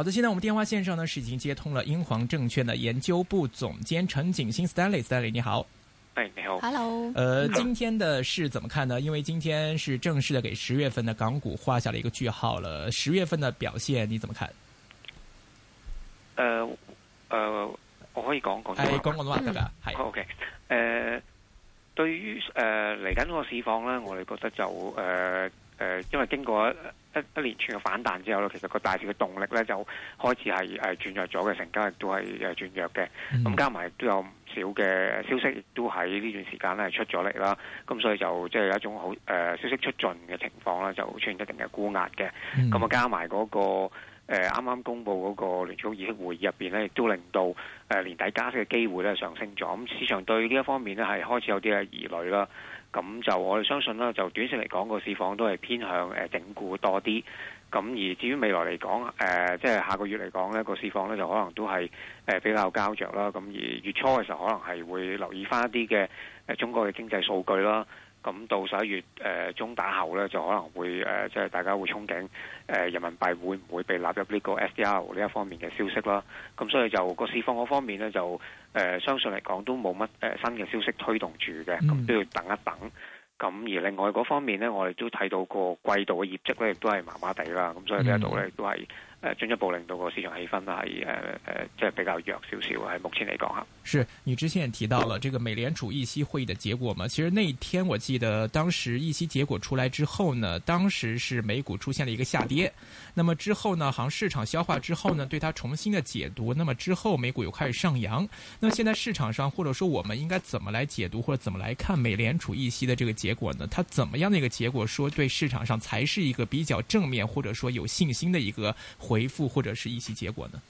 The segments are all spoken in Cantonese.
好的，現在我們電話線上呢是已經接通了英皇證券的研究部總監陳錦興。Stanley Stanley，你好。哎，hey, 你好。Hello。呃，今天的事怎麼看呢？因為今天是正式的給十月份的港股畫下了一個句號了。十月份的表現你怎麼看？呃呃，我可以講講。哎，講講都話得㗎。係了、um, OK。誒，對於呃嚟緊個市況呢，我哋覺得就呃呃，uh, uh, 因為經過。一一連串嘅反彈之後咧，其實個大市嘅動力咧就開始係係轉弱咗嘅，成交亦都係又轉弱嘅。咁、嗯、加埋都有唔少嘅消息，亦都喺呢段時間咧出咗嚟啦。咁所以就即係有一種好誒、呃、消息出盡嘅情況啦，就出現一定嘅沽壓嘅。咁啊、嗯、加埋嗰、那個啱啱、呃、公布嗰個聯儲會議會入邊咧，亦都令到誒年底加息嘅機會咧上升咗。咁、嗯、市場對呢一方面咧係開始有啲嘅疑慮啦。咁就我哋相信啦，就短線嚟講個市況都係偏向整固多啲。咁而至於未來嚟講，誒、呃、即係下個月嚟講咧，個市況咧就可能都係比較膠着啦。咁而月初嘅時候，可能係會留意翻一啲嘅中國嘅經濟數據啦。咁到十一月、呃、中打後咧，就可能會即係、呃、大家會憧憬、呃、人民幣會唔會被納入呢個 SDR 呢一方面嘅消息啦。咁所以就個市況嗰方面咧，就、呃、相信嚟講都冇乜誒新嘅消息推動住嘅，咁都要等一等。咁、嗯、而另外嗰方面咧，我哋都睇到個季度嘅業績咧，亦都係麻麻地啦。咁所以呢一度咧，都係。誒、呃、進一步令到個市場氣氛係誒誒，即係比較弱少少，喺目前嚟講吓，是，你之前也提到了這個美聯儲議息會議的結果嘛？其實那一天，我記得當時議息結果出來之後呢，當時是美股出現了一個下跌。那麼之後呢，好像市場消化之後呢，對它重新的解讀。那麼之後美股又開始上揚。那麼現在市場上，或者說我們應該怎麼來解讀或者怎麼來看美聯儲議息的這個結果呢？它怎麼樣的一個結果說，說對市場上才是一個比較正面，或者說有信心的一個？回覆或者是一些結果呢？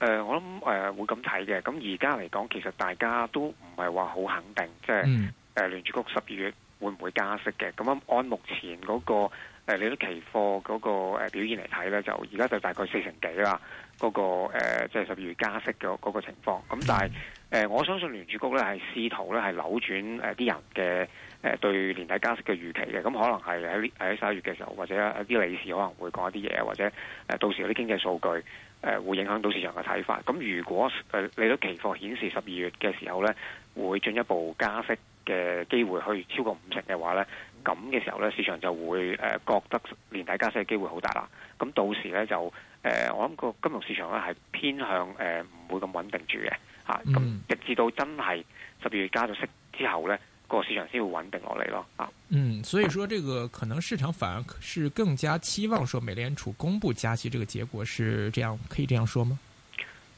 誒、呃，我諗誒、呃、會咁睇嘅。咁而家嚟講，其實大家都唔係話好肯定，即係誒聯儲局十二月會唔會加息嘅？咁樣按目前嗰、那個誒、呃、利率期貨嗰個誒表現嚟睇咧，就而家就大概四成幾啦。嗰、那個誒即係十二月加息嘅嗰個情況。咁但係誒、嗯呃、我相信聯儲局咧係試圖咧係扭轉誒啲人嘅。誒對年底加息嘅預期嘅，咁可能係喺喺十一月嘅時候，或者一啲理事可能會講一啲嘢，或者誒到時啲經濟數據誒、呃、會影響到市場嘅睇法。咁如果誒利率期貨顯示十二月嘅時候咧，會進一步加息嘅機會去超過五成嘅話咧，咁嘅時候咧，市場就會誒覺得年底加息嘅機會好大啦。咁到時咧就誒、呃，我諗個金融市場咧係偏向誒唔、呃、會咁穩定住嘅嚇，咁、嗯、直至到真係十二月加咗息之後咧，個市場先會穩定落嚟咯。啊，嗯，所以說，這個可能市場反而是更加期望說美聯儲公布加息這個結果是這樣，可以這樣說嗎？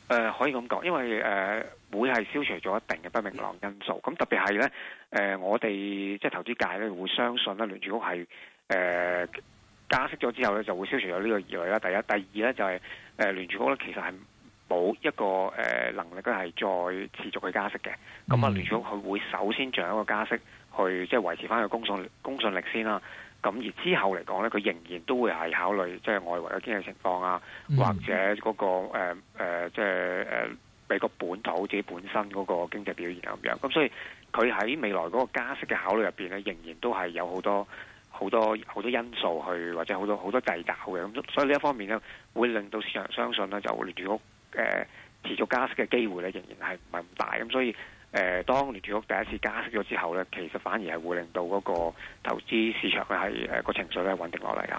誒、呃，可以咁講，因為誒、呃、會係消除咗一定嘅不明朗因素。咁特別係呢，誒、呃、我哋即係投資界咧會相信咧，聯儲局係誒加息咗之後咧就會消除咗呢個疑慮啦。第一，第二咧就係、是、誒、呃、聯儲局咧其實係。冇一個誒能力咧，係再持續去加息嘅。咁啊，聯儲局佢會首先做一個加息，去即係維持返個公信公信力先啦。咁而之後嚟講咧，佢仍然都會係考慮即係外圍嘅經濟情況啊，或者嗰、嗰個誒、呃呃、即係誒、呃、美國本土自己本身嗰個經濟表現咁樣。咁所以佢喺未來嗰個加息嘅考慮入邊咧，仍然都係有好多好多好多因素去，或者好多好多掣肘嘅。咁所以呢一方面咧，會令到市場相信咧，就聯儲局。呃、持續加息嘅機會咧，仍然係唔係咁大咁，啊，所以誒、呃、當聯儲局第一次加息咗之後咧，其實反而係會令到嗰個投資市場嘅係誒個情緒咧穩定落嚟㗎。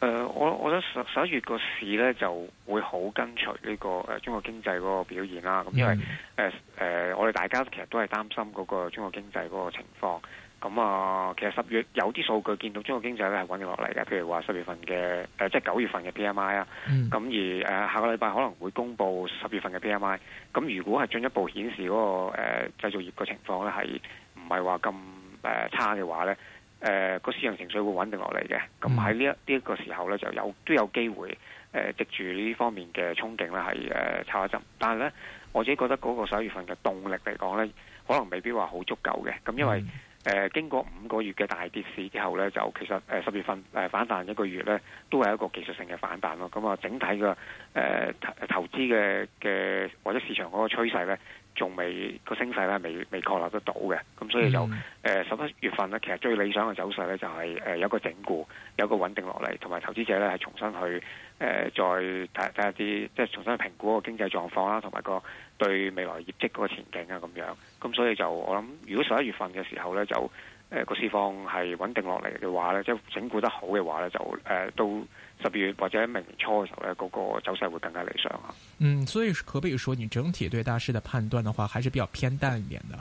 誒，我我覺得十十一月個市咧就會好跟隨呢個誒中國經濟嗰個表現啦。咁因為誒誒，我哋大家其實都係擔心嗰個中國經濟嗰個情況。咁啊，其實十月有啲數據見到中國經濟咧係穩定落嚟嘅，譬如話十月份嘅誒，即係九月份嘅 PMI 啊。咁而誒下個禮拜可能會公布十月份嘅 PMI。咁如果係進一步顯示嗰個誒製造業嘅情況咧，係唔係話咁誒差嘅話咧，誒個市場情緒會穩定落嚟嘅，咁喺呢一呢一個時候咧，就有都有機會誒藉住呢方面嘅憧憬咧，係誒炒一陣。但係咧，我自己覺得嗰個十一月份嘅動力嚟講咧，可能未必話好足夠嘅。咁因為誒、嗯呃、經過五個月嘅大跌市之後咧，就其實誒十、呃、月份誒、呃、反彈一個月咧，都係一個技術性嘅反彈咯。咁、嗯、啊，整體嘅誒、呃、投投資嘅嘅或者市場嗰個趨勢咧，仲未個升勢咧，未未確立得到嘅，咁所以就誒十一月份咧，其實最理想嘅走勢咧、就是，就係誒有個整固，有個穩定落嚟，同埋投資者咧係重新去。誒、呃，再睇睇下啲，即係重新去評估個經濟狀況啦、啊，同埋個對未來業績個前景啊，咁樣。咁所以就我諗，如果十一月份嘅時候咧，就誒個、呃、市況係穩定落嚟嘅話咧，即係整固得好嘅話咧，就誒、呃、到十二月或者明年初嘅時候咧，嗰、那個走勢會更加理想啊。嗯，所以可唔可以說你整體對大市嘅判斷嘅話，還是比較偏淡一點的？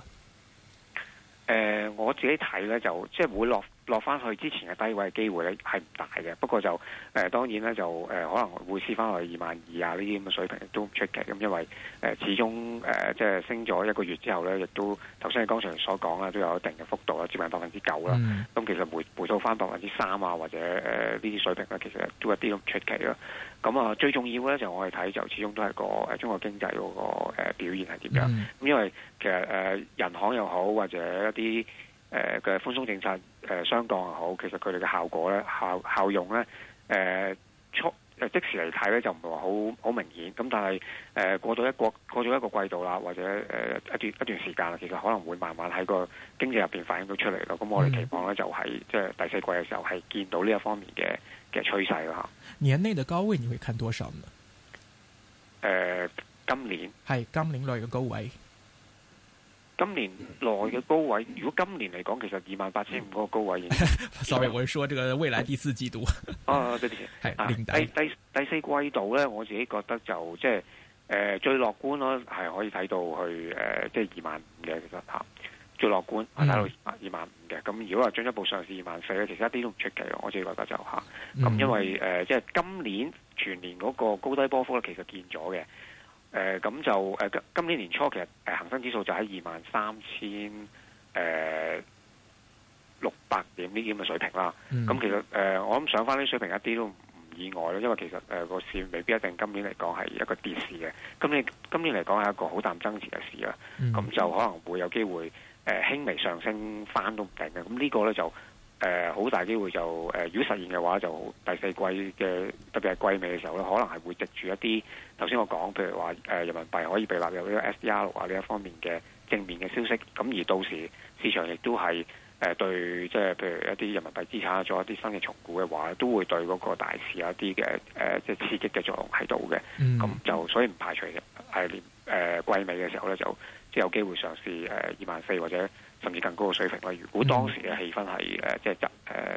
誒、呃，我自己睇咧就即係會落。落翻去之前嘅低位嘅機會咧，係唔大嘅，不過就誒、呃、當然咧就誒、呃、可能會試翻落去二萬二啊呢啲咁嘅水平都唔出奇咁，因為誒、呃、始終誒、呃、即係升咗一個月之後咧，亦都頭先你剛才所講啦，都有一定嘅幅度啦，接近百分之九啦。咁、嗯、其實回回到翻百分之三啊或者誒呢啲水平咧，其實都一啲咁出奇啦。咁、嗯、啊、呃、最重要咧就我哋睇就始終都係個誒中國經濟嗰個表現係點樣咁，嗯、因為其實誒、呃、人行又好或者一啲誒嘅寬鬆政策。誒、呃，相當好。其實佢哋嘅效果咧，效效用咧，誒、呃，即、呃、時嚟睇咧，就唔係話好好明顯。咁但係誒、呃、過咗一個過咗一個季度啦，或者誒、呃、一段一段時間啦，其實可能會慢慢喺個經濟入面反映到出嚟咯。咁我哋期望咧就喺即係第四季嘅時候，係見到呢一方面嘅嘅趨勢咯。吓年內嘅高位你會看多少呢？誒、呃，今年係今年內嘅高位。今年內嘅高位，如果今年嚟講，其實二萬八千五嗰個高位。sorry，我係說，這個未來第四季度。啊，第四。第第第四季度咧，我自己覺得就即係、呃、最樂觀咯，係可以睇到去、呃、即係二萬五嘅，其實吓最樂觀係、嗯，睇到二萬五嘅。咁如果話進一步上市，二萬四咧，其實一啲都唔出奇咯。我自己覺得就吓咁，啊嗯嗯、因為、呃、即係今年全年嗰個高低波幅咧，其實見咗嘅。誒咁、呃、就誒今、呃、今年年初其實誒恆、呃、生指數就喺二萬三千誒六百點呢啲咁嘅水平啦。咁、嗯、其實誒、呃、我諗上翻啲水平一啲都唔意外啦，因為其實誒個、呃、市未必一定今年嚟講係一個跌市嘅。今年今年嚟講係一個好淡增持嘅市啦。咁、嗯、就可能會有機會誒、呃、輕微上升翻都唔定嘅。咁呢個咧就～誒好、呃、大機會就誒、呃，如果實現嘅話，就第四季嘅特別係季尾嘅時候咧，可能係會藉住一啲頭先我講，譬如話誒、呃、人民幣可以被納入呢個 SDR 啊呢一方面嘅正面嘅消息，咁而到時市場亦都係誒對即係譬如一啲人民幣資產做一啲新嘅重估嘅話，都會對嗰個大市有一啲嘅誒即係刺激嘅作用喺度嘅。咁、mm. 就所以唔排除係連季、呃、尾嘅時候咧，就即係有機會嘗試誒二萬四或者，甚至更高嘅水平啦。如果當時嘅氣氛係誒、呃，即係集誒。呃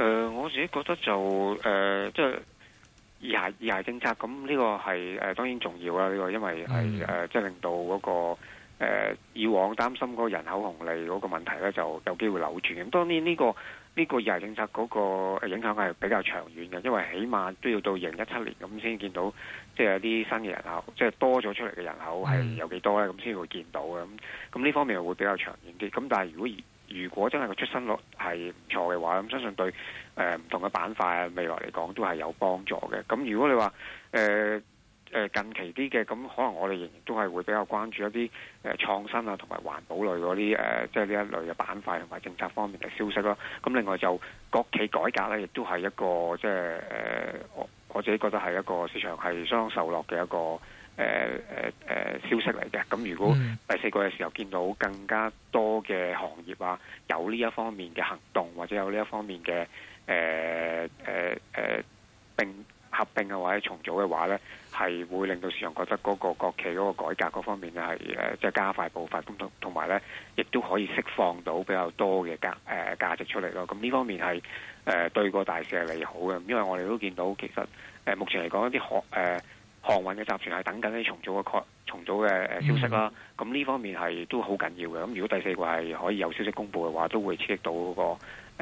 誒、呃、我自己覺得就誒、呃、即係二孩二孩政策，咁呢個係誒、呃、當然重要啦，呢、這個因為係呃、即係令到嗰、那個、呃、以往擔心嗰人口紅利嗰個問題咧就有機會扭轉，咁當然呢、這個呢、這個二孩政策嗰個影響係比較長遠嘅，因為起碼都要到二零一七年咁先見到即係有啲新嘅人口，即係多咗出嚟嘅人口係有幾多咧，咁先會見到嘅。咁咁呢方面又會比較長遠啲。咁但係如果以如果真係個出生率係唔錯嘅話，咁相信對誒唔同嘅板塊未來嚟講都係有幫助嘅。咁如果你話誒誒近期啲嘅，咁可能我哋仍然都係會比較關注一啲誒創新啊同埋環保類嗰啲誒，即係呢一類嘅板塊同埋政策方面嘅消息啦。咁另外就國企改革咧，亦都係一個即係誒、呃，我自己覺得係一個市場係相當受落嘅一個。誒誒誒消息嚟嘅，咁如果第四季嘅時候見到更加多嘅行業啊，有呢一方面嘅行動，或者有呢一方面嘅誒誒誒並合並嘅或者重組嘅話呢，係會令到市場覺得嗰個國企嗰個改革嗰方面係誒即係加快步伐，咁同同埋呢，亦都可以釋放到比較多嘅價誒價值出嚟咯。咁呢方面係誒對個大市係利好嘅，因為我哋都見到其實誒目前嚟講一啲學誒。呃航運嘅集團係等緊啲重組嘅重組嘅誒消息啦，咁呢、嗯、方面係都好緊要嘅。咁如果第四季係可以有消息公布嘅話，都會刺激到嗰、那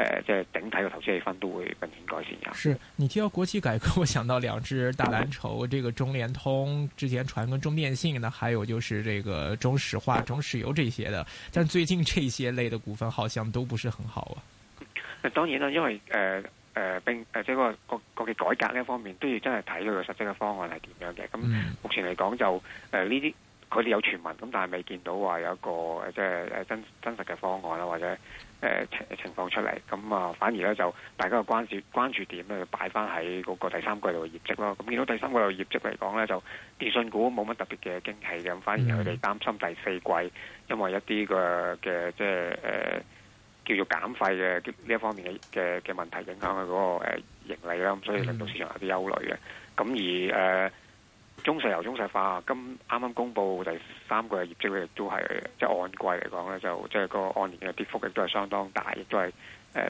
個誒，即係整體嘅投資氣氛都會明顯改善。係，是你提到國企改革，我想到兩隻大藍籌，這個中聯通之前傳跟中電信呢，呢還有就是這個中石化、中石油這些的，但最近這些類的股份好像都不是很好啊。誒，當然啦，因為誒。呃誒、呃、並誒、呃、即係個個個嘅改革呢一方面都要真係睇佢嘅實際嘅方案係點樣嘅。咁目前嚟講就誒呢啲佢哋有傳聞，咁但係未見到話有一個誒即係誒真真實嘅方案啦，或者誒情、呃、情況出嚟。咁啊反而咧就大家嘅關注關注點咧就擺翻喺嗰個第三季度嘅業績咯。咁見到第三季度業績嚟講咧就電信股冇乜特別嘅驚喜嘅，咁反而佢哋擔心第四季因為一啲嘅嘅即係誒。呃叫做減費嘅呢一方面嘅嘅嘅問題影響佢嗰個盈利啦，咁所以令到市場有啲憂慮嘅。咁而誒、呃、中石油中石化今啱啱公布第三季嘅業績，亦都係即按季嚟講咧，就即、即係、個按年嘅跌幅亦都係相當大，亦都係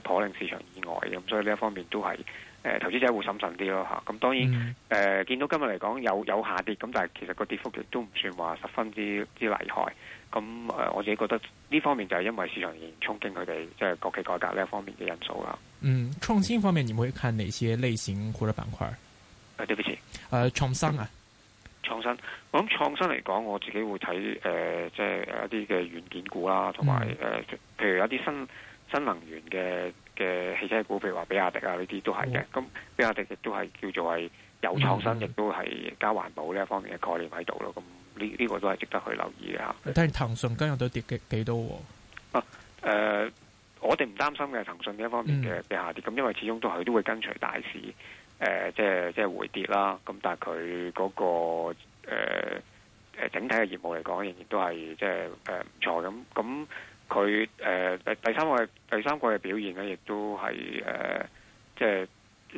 頗令市場意外嘅。咁所以呢一方面都係。誒，投資者會審慎啲咯吓，咁當然誒、嗯呃、見到今日嚟講有有下跌，咁但係其實個跌幅亦都唔算話十分之之厲害。咁誒、呃、我自己覺得呢方面就係因為市場連衝勁佢哋即係國企改革呢一方面嘅因素啦。嗯，創新方面，你們會看哪些類型或者板塊？誒、呃、對不起，呃、創新啊、呃，創新。我諗創新嚟講，我自己會睇誒、呃，即係一啲嘅軟件股啦，同埋誒，譬如一啲新新能源嘅嘅汽車股，譬如話比亞迪啊，呢啲都係嘅，咁、哦、比亞迪亦都係叫做係有創新，亦都係加環保呢一方面嘅概念喺度咯。咁呢呢個都係值得去留意嘅吓。你睇下騰訊今日都跌幾多哦？啊，誒、呃，我哋唔擔心嘅騰訊呢一方面嘅嘅下跌，咁、嗯、因為始終都係都會跟隨大市，誒、呃，即係即係回跌啦。咁但係佢嗰個誒、呃、整體嘅業務嚟講，仍然都係即係誒唔錯咁咁。佢誒第第三季第三季嘅表現咧，亦、呃、都係誒即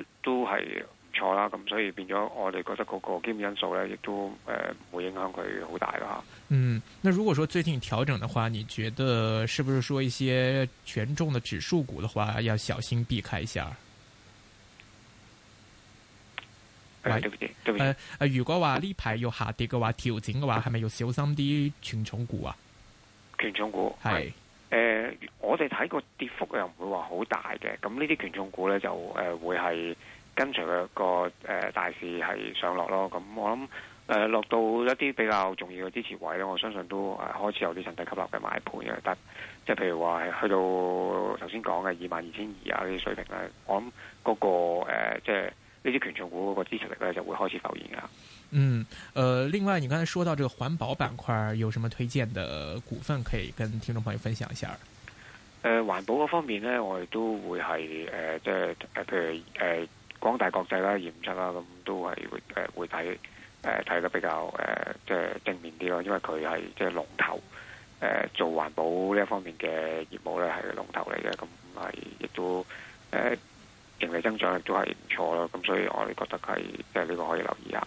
係都係唔錯啦。咁所以變咗，我哋覺得嗰個基本因素咧，亦都誒唔會影響佢好大啦嚇。嗯，那如果說最近調整嘅話，你覺得是不是說一些權重嘅指數股嘅話，要小心避開一下？誒、哎，對唔對？對唔對、呃？如果話呢排有下跌嘅話，調整嘅話，係咪要小心啲權重股啊？權重股係，誒是、呃、我哋睇個跌幅又唔會話好大嘅，咁呢啲權重股咧就誒、呃、會係跟隨、那個誒、呃、大市係上落咯。咁我諗誒、呃、落到一啲比較重要嘅支持位咧，我相信都、呃、開始有啲趁低吸納嘅買盤嘅。但即係譬如話係去到頭先講嘅二萬二千二啊呢啲水平咧，我諗嗰、那個、呃、即係呢啲權重股個支持力咧就會開始浮現啦。嗯，誒、呃，另外你剛才說到這個環保板塊，有什麼推薦的股份可以跟聽眾朋友分享一下？誒、呃，環保方面呢，我哋都會係誒、呃，即係譬、呃、如誒、呃，光大國際啦、燕德啦，咁都係會誒、呃、會睇誒睇得比較誒、呃、即係正面啲咯，因為佢係即係龍頭誒、呃、做環保呢一方面嘅業務咧係龍頭嚟嘅，咁係亦都誒、呃、盈利增長亦都係唔錯咯，咁所以我哋覺得係即係呢、這個可以留意一下。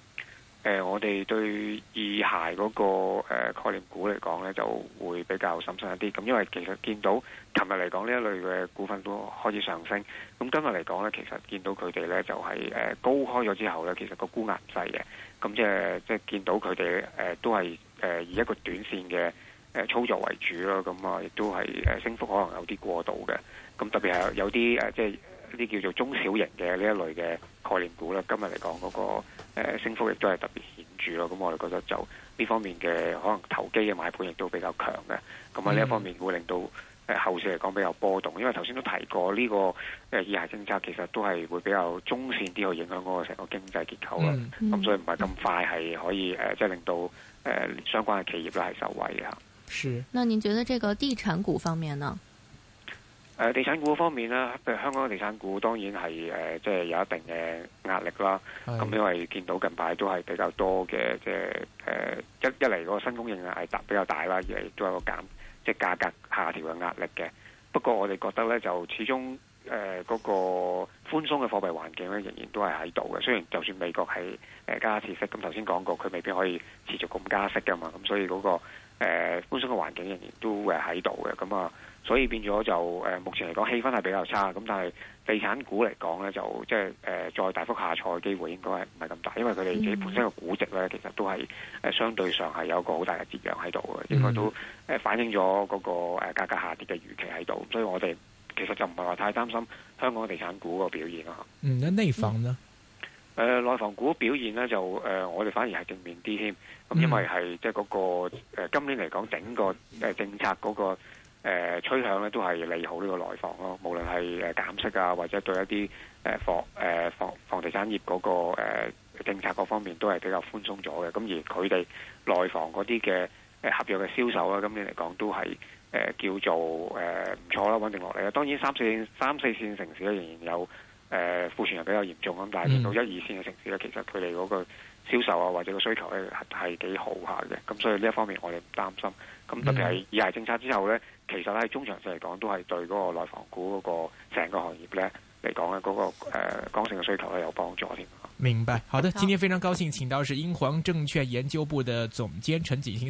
誒、呃，我哋對二孩嗰個、呃、概念股嚟講咧，就會比較審慎一啲。咁因為其實見到琴日嚟講呢一類嘅股份都開始上升。咁今日嚟講咧，其實見到佢哋咧就係、是、誒、呃、高開咗之後咧，其實個沽壓唔細嘅。咁即係即係見到佢哋誒都係誒、呃、以一個短線嘅、呃、操作為主囉，咁啊，亦都係升幅可能有啲過度嘅。咁特別係有啲即係呢叫做中小型嘅呢一類嘅概念股咧，今日嚟講嗰、那個。誒，升幅亦都係特別顯著咯，咁我哋覺得就呢方面嘅可能投機嘅買盤亦都比較強嘅，咁啊呢一方面會令到誒後市嚟講比較波動，因為頭先都提過呢個誒二孩政策其實都係會比較中線啲去影響嗰個成個經濟結構啦，咁、嗯嗯、所以唔係咁快係可以即係、就是、令到相關嘅企業啦係受惠嘅嚇。是，那您覺得這個地產股方面呢？誒地產股方面咧，譬如香港嘅地產股，當然係誒，即係有一定嘅壓力啦。咁的因為見到近排都係比較多嘅，即係誒，一一嚟個新供應量係大比較大啦，二嚟都有個減，即係價格下調嘅壓力嘅。不過我哋覺得呢，就始終誒嗰個寬鬆嘅貨幣環境呢，仍然都係喺度嘅。雖然就算美國係誒加息息，咁頭先講過佢未必可以持續咁加息㗎嘛。咁所以嗰個誒寬鬆嘅環境仍然都會喺度嘅。咁啊～所以變咗就誒、呃，目前嚟講氣氛係比較差咁，但係地產股嚟講咧，就即係誒再大幅下挫嘅機會應該係唔係咁大，因為佢哋自己本身嘅估值咧，其實都係誒、呃、相對上係有個好大嘅節揚喺度嘅，應該都誒反映咗嗰、那個誒價、呃、格，格下跌嘅預期喺度，所以我哋其實就唔係話太擔心香港地產股個表現咯。嗯，咁內房呢，誒、呃、內房股表現咧就誒、呃、我哋反而係正面啲添，咁因為係即係嗰個、呃、今年嚟講整個誒、呃、政策嗰、那個。誒趨向咧都係利好呢個內房咯，無論係誒減息啊，或者對一啲誒、呃、房誒房房地產業嗰、那個、呃、政策各方面都係比較寬鬆咗嘅。咁而佢哋內房嗰啲嘅誒合約嘅銷售啊，今年嚟講都係誒、呃、叫做誒唔、呃、錯啦，穩定落嚟啦。當然三四線、三四線城市咧仍然有誒、呃、庫存係比較嚴重咁，但係到一二線嘅城市咧，嗯、其實佢哋嗰個銷售啊或者個需求咧係幾好下嘅。咁所以呢一方面我哋唔擔心。咁特別係二孩政策之後咧。其實喺中長線嚟講，都係對嗰個內房股嗰個成個行業咧嚟講，咧、那個，嗰個誒剛性嘅需求咧有幫助添。明白，好的。今天非常高興，請到是英皇證券研究部的總監陳錦興。